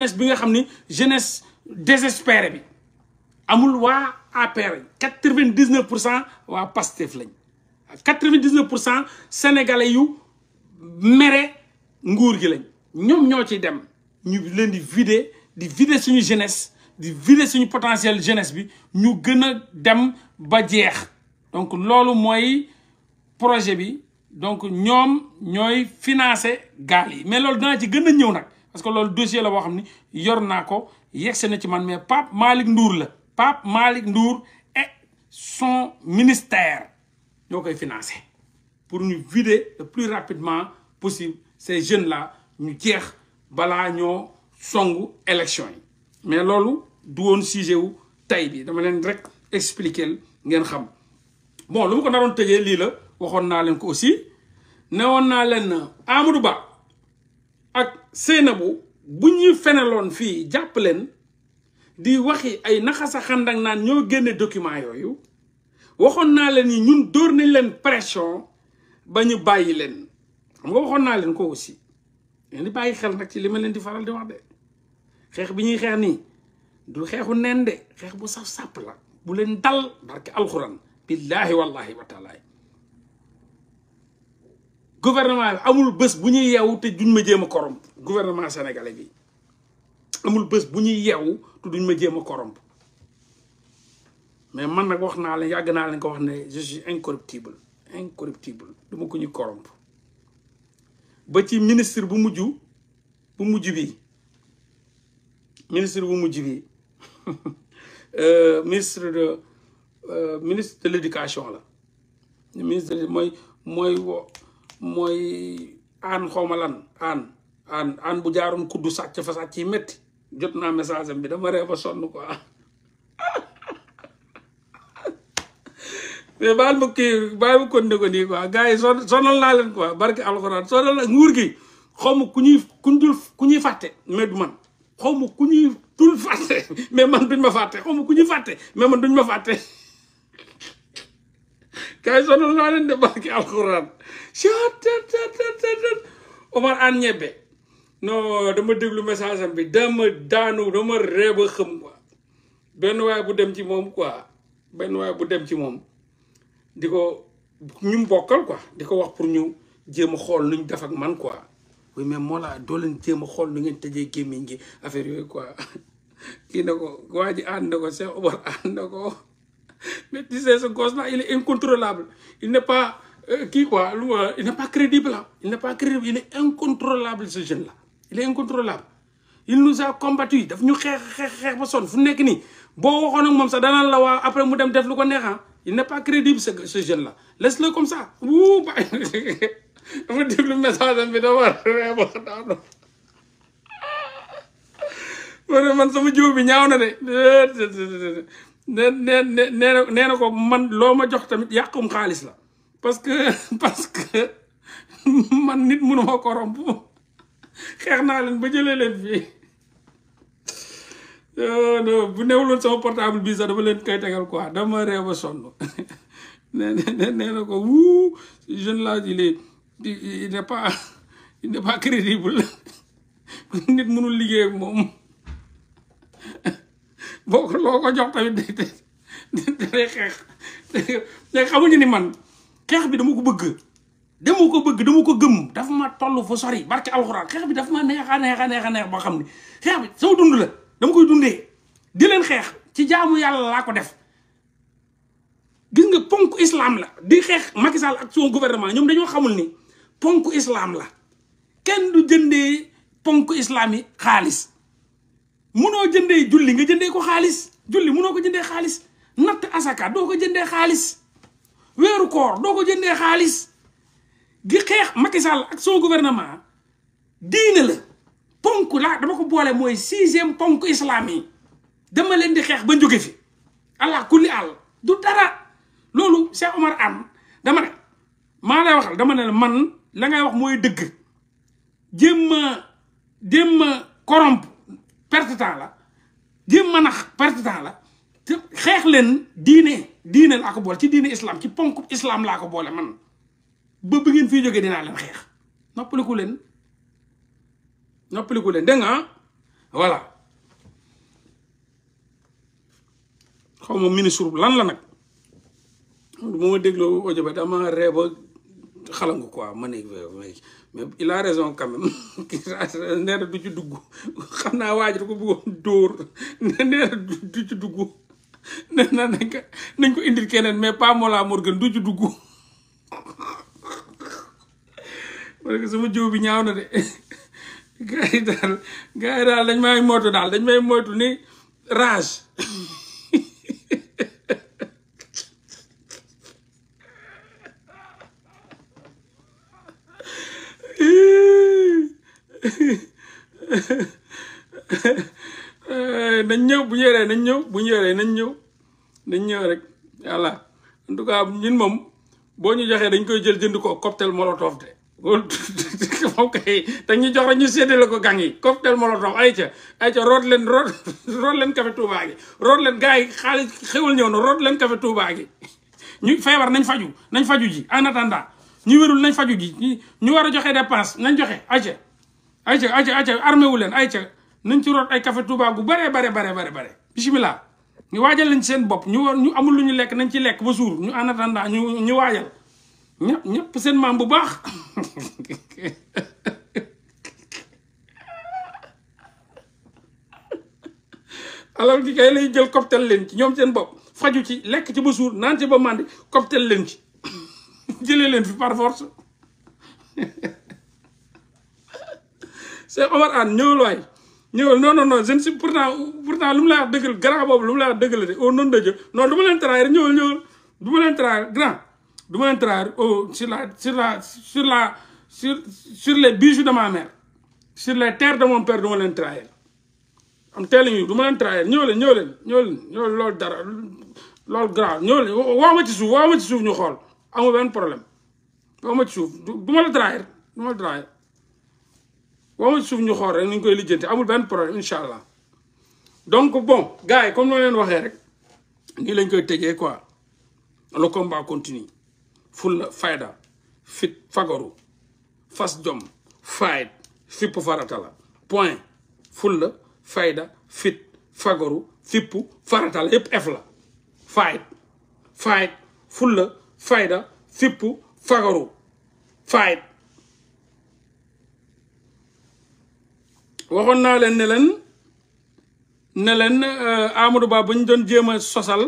jeunesse bi nga xam ni jeunesse désespérée bi amul waa APR quatre vingt dix neuf pour cent waa PASTEF lañ quatre vingt dix neuf pour cent sénégalais yu mere nguur gi lañ ñoom ñoo ci dem ñu leen di vider di vider suñu jeunesse di vider suñu potentiel jeunesse bi ñu gën a dem ba jeex donc loolu mooy projet bi donc ñoom ñooy financer gaal yi mais loolu danaa ci gën a ñëw nag. parce que loolu dossier la boo xam ni yor naa ko yegsi na ci man mais Pape Malick Ndour la Pape Malick Ndour et son ministère ñoo koy financé pour ñu vider le plus rapidement possible ces jeunes la ñu jeex balaa ñoo songu élection yi mais loolu du woon sujet wu tey bi dama leen rek expliquer ngeen xam bon lu ma ko naroon tëjee lii la waxoon naa leen ko aussi newoon naa leen Amadou Ba Seynabou bu ñuy feneloon fii jàpp leen di wax waxi ay naxasa xandak naan ñoo génne document yooyu waxoon naa leen ni ñun dóor nañ leen pression ba ñu bàyyi leen xam nga waxoon naa leen ko aussi leen di bàyyi xel nag ci li ma leen di faral di wax de xeex bi ñuy xeex nii du xeexu nen de xeex bu saf sàpp la bu leen dal barke alxuraan billaahi wallaahi wa taalaay gouvernement amul bés bu ñuy yeewu te duñ ma jéem a corrompre gouvernement sénégalais bi amul bés bu ñuy yeewu te duñ ma jéem a corrompre mais man nag wax naa leen yàgg naa leen ko wax ne je suis incorruptible incorruptible duma ko ñuy corrompre ba ci ministre bu mujj bu mujj bi ministre bu mujj bi euh, ministre de euh, ministre de l'éducation la ministre mooy mooy mooy aan xawma lan aan aan bu jaaroon kuddu sàcc fa sàcc yi métti jot naa message am bi dama ree ba sonn quoi mais baal ma kii baal ma continuer ko nii quoi gars yi son sonal naa leen nguur gi xaw ma ku ñuy ku ñu dul ku ñuy fàtte mais man xaw ma ku ñuy dul fàtte mais man duñ ma fàtte xaw ma ku ñuy fàtte mais man duñ ma fàtte gars yi sonal naa leen de barki alxuraan chat Omar Anne ñebbe non dama déglu message am bi dama daanu dama reeba xëm benn waay bu dem ci moom quoi benn waay bu dem ci moom di ko ñu bokkal quoi di ko wax pour ñu jéem a xool nuñ def ak man quoi oui mais moo laa doo leen jéem a xool nu ngeen tëjee gémmiñ gi affaire yooyu quoi kii na ko waa ji ànd na ko Cheikh Omar ànd na ko mais tu sais, ce gosse-là, il ne incontrôlable. Il n'est pas. Euh, qui quoi euh, Il n'est pas crédible. Là. Il n'est pas crédible. Il est incontrôlable, ce jeune-là. Il est incontrôlable. Il nous a combattus. Il nous a Après, ah. Il n'est pas crédible, ce, ce jeune-là. Laisse-le comme ça. Ouh, bah. Vous dites le message, mais a man sama jiw bi ñaaw na de nee nee nee na ko man loo ma jox tamit yàqum xaalis la parce que parce que man nit mënuma ko romb xeex naa leen ba jëlee leen fii euh, bu newuloon sama portable bii sax dama leen koy tegal quoi dama réew ba sonn nee na nee ko wuu jeune là il est il n'est pas il n'est pas crédible nit mënul liggéey moom. boo ko loo ko jox tamit day day xeex te xamuñu ni man xeex bi dama ko bëgg dama ko bëgg dama ko gëm dafa ma toll fu sori barke alxuraan xeex bi dafa ma neex a neex a neex a neex boo xam ne xeex bi soo dund la dama koy dundee di leen xeex ci jaamu yàlla laa ko def gis nga ponk islam la di xeex Macky Sall ak son gouvernement ñoom dañoo xamul ni ponk islam la kenn du jëndee ponk islam xaalis munoo jëndee julli nga jëndee ko xaalis julli munoo ko jëndee xaalis natt asaka doo ko jëndee xaalis weeru koor doo ko jëndee xaalis gi xeex Macky Sall ak son gouvernement diine la ponk laa dama ko boole mooy sixième ponk islam yi dama leen di xeex ba njóge fi allah kulli àll du dara loolu Cheikh Omar am dama ne maa lay waxal dama ne man la ngay wax mooy dëgg jéem a jéem a perte temps la jéem a nax perte temps la te xeex leen diine diine laa ko boole ci diine islaam ci ponk islaam laa ko boole man ba bu ngeen fii jóge dinaa leen xeex noppaliku leen noppaliku leen dégg nga voilà xaw ma ministre lan la nag bu ma dégloo audio ba dama ree ba xalangu quoi ma ne ma il raison quand même neera du ci xam naa waajur ko bëggoon dóor neera du ci dugg ne na nañ ko nañ ko indil keneen mais pas Mollah Morgun du ci dugg parce que sama jiw bi ñaaw na de gars yi daal gars yi daal dañ may moytu daal dañ may moytu ni rage nañ ñëw bu ñu nañ ñëw bu ñu nañ ñëw nañ ñëw rek voilà en tout ñun moom boo ñu joxee dañ koy jël jënd ko cocktail molotov de moom kay dañuy jox rek ñu séddale ko gang yi cocktail molotov ay ca ay ca root leen root leen café Touba leen gars yi xaalis xewal ñëw na root leen café Touba gi ñu feebar nañ faju nañ faju ji en attendant ñu wérul nañ faju ji ñu war a joxe dépense nañ joxe ay ca ay ca ay ca armé wu leen ay ca nañ ci root ay café Touba gu bare bare bare bare bare ñu waajal lañ seen bopp ñu ñu amul lu ñu lekk nañ ci lekk ba suur ñu en attendant ñu ñu waajal ñëpp seen maam bu baax alors ki kay lay jël cocktail leen ci ñoom seen bopp faju ci lekk ci ba suur naan ci ba màndi cocktail leen ci jëlee leen fi par force Cheikh Omar Anne ñëwal waay ñëwal non non non je ne suis pourtant pourtant lu mu lay wax dëggal grand boobu lu mu lay wax dëggal de au leen trahir ñëwal ñëwal du leen trahir grand du leen trahir oh, sur la la sur sur sur les bijoux de ma mère sur les terres de mon père du leen trahir am telling you du ma ñëwal ñëwal ñëwal ñëwal loolu grand ñëwal waaw ma ci suuf ma ci suuf ñu xool amul benn problème waaw ma ci suuf du ma la trahir du la trahir waaw suuf ñu xool rek nu ñu koy lijjanti amul benn problème incha allah donc bon gars yi comme noo leen waxee rek nii lañ koy tëjee quoi le combat continue fulla fayda fit fagaru fas jom fayit fipp farata la point fulla fayda fit fagaru fipp farata la yépp la fayit fulla fayda fippu fagaru fayit waxoon naa leen ne leen ne leen euh, Amadou Ba ba ñu doon jéem a sosal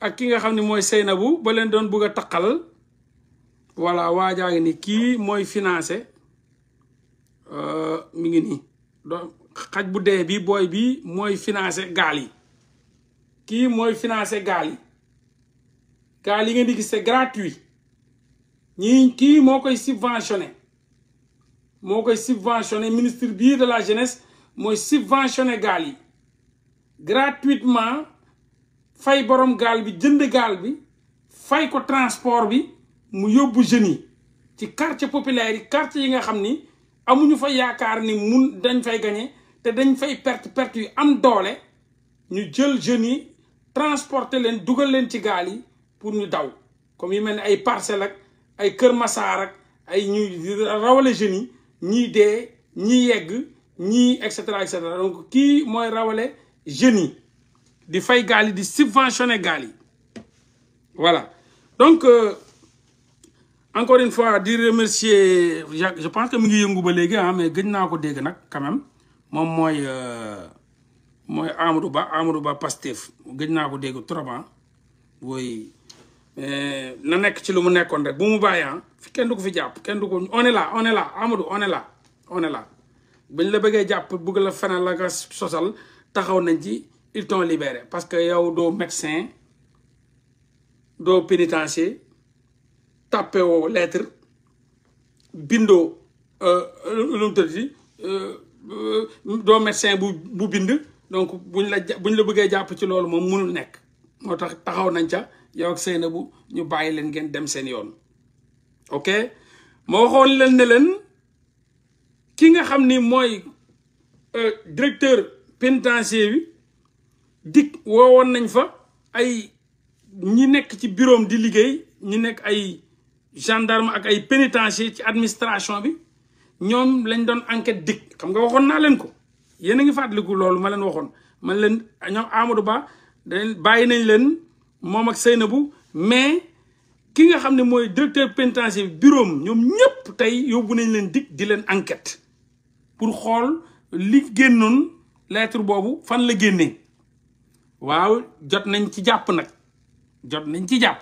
ak ki nga xam ni mooy Seynabou ba leen doon bugg a taqal voilà waajaa ngi ni kii mooy financé euh, mu ngi nii do xaj bu dee bi booy bi mooy financé gaal yi kii mooy financé gaal yi gaal yi ngeen di gis c'est gratuit ñii kii moo koy subventionné moo koy subventionné ministre bii de la jeunesse mooy subventionné gaal yi gratuitement fay borom gaal bi jënd gaal bi fay ko transport bi mu yóbbu jeunes yi ci quartier populaire yi quartier yi nga xam ni amuñu fa yaakaar ni mu dañ fay gañe te dañ fay perte perte yu am doole ñu jël jeunes yi transporter leen dugal leen ci gaal yi pour ñu daw comme yu mel ni ay Parcelles ak ay Kër Massar ak ay ñuy rawale jeunes yi ñii dee ñii yegg ñii et cetera et donc kii mooy rawale jeunes yi di fay gaal di subventionné gaal yi voilà donc euh, encore une fois di remercier je pense que mu ngi yëngu ba léegi ah mais gëj naa ko dégg nag quand moom mooy euh, mooy Amadou Ba Amadou Ba Pastef gëj naa ko dégg trop ah wooy euh, na nekk ci lu mu nekkoon rek bu mu bàyyi ah. kenn du ko fi jàpp kenn du ko on est là on est là Amadou on est bañ la bëggee jàpp bugg la fenal la nga sosal taxaw nañ ci ils t'ont libéré parce que yow doo médecin doo pénitencier tàppe woo bindoo euh, lu mu euh, euh, doo médecin bu bu bind donc buñ la buñ la bëggee jàpp ci loolu moom mënul nekk moo tax taxaw nañ ca yow ak Seynabou ñu bàyyi leen ngeen dem seen yoon ok ma waxoon leen ne leen ki nga xam ni mooy euh, directeur pénitentiaire bi dik woowoon nañ fa ay ñi nekk ci biroom di liggéey ñi nekk ay gendarme ak ay pénitentiaire ci administration bi ñoom lañ doon enquête dik xam nga waxoon naa leen ko yéen a ngi fàttaliku loolu ma leen waxoon man leen ñoom Amadou Ba dañ bàyyi nañ leen moom ak Seynabou mais ki nga xam ne mooy directeur pénitentiaire bureau ñoom ñëpp tey yóbbu nañ leen dikk di leen enquête pour xool li génnoon lettre boobu fan la génnee waaw jot nañ ci jàpp nag jot nañ ci jàpp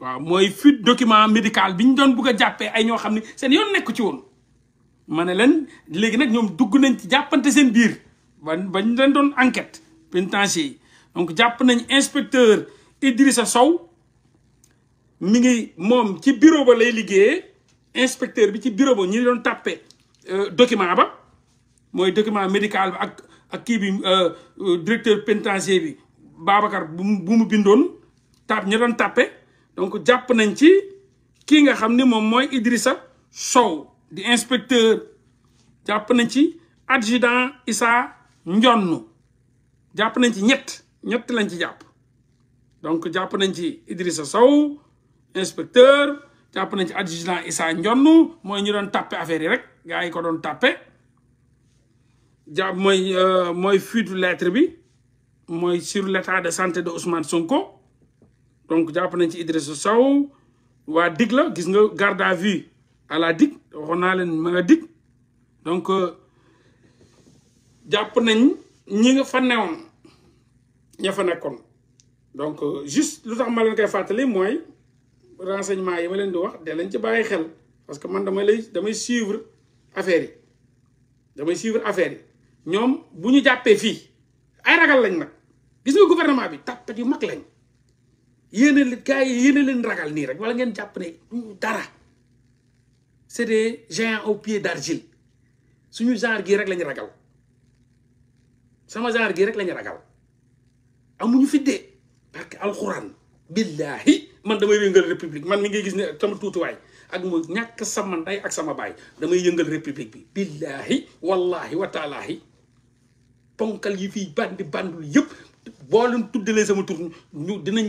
waaw mooy fuite document médical bi ñu doon bugg a jàppee ay ñoo xam ne seen yoon nekku ci woon ma ne leen léegi nag ñoom dugg nañ ci jàppante seen biir ba bañ leen doon enquête pénitentiaire donc jàpp nañ inspecteur Idrissa Sow mu ngi moom ci bureau ba lay liggéeyee inspecteur bi ci bureau ba ñu doon tàppe euh, document ba mooy document médical bi ak ak kii bi euh, euh, directeur pénitentiaire bi Babacar bu mu bindoon tap ñu doon tàppe donc jàpp nañ ci kii nga xam ni moom mooy Idrissa Sow di inspecteur jàpp nañ ci adjudant Issa Njonn jàpp nañ ci ñett ñett lañ ci jàpp donc jàpp nañ ci Idrissa Sow inspecteur jàpp nañ ci adjudant Issa Njonn mooy ñu doon tàppe affaire yi rek gars yi ko doon tàppe jàpp mooy euh, mooy fuite lettre bi mooy sur l' état de santé de Ousmane Sonko donc jàpp nañ ci Idrissa Sow waa DIC la gis nga garde à vue à la DIC waxoon naa leen ma nga DIC donc euh, jàpp nañ ñi nga fa newoon ña fa nekkoon donc euh, juste lu tax ma leen koy mooy. renseignement yi ma leen di wax de lañ ci bàyyi xel parce que man dama lay damay suivre affaire yi damay suivre affaire yi ñoom bu ñu jàppee fii ay ragal lañ nag gis nga gouvernement bi tàppet yu mag lañ yéene leen gars yi leen ragal nii rek wala ngeen jàpp ne dara c'est des géants au pied d'argile suñu genre gii rek lañu ragal sama genre gii rek lañu ragal amuñu fiddee parce que alxuraan billahi man damay yëngal république man mi ngay gis ne sama tuutiwaay ak mu ñàkk sama ndey ak sama baay damay yëngal république bi billaahi wallaahi wataalaahi ponkal yi fii bandi bandul yëpp boo leen tuddalee sama tur ñu dinañ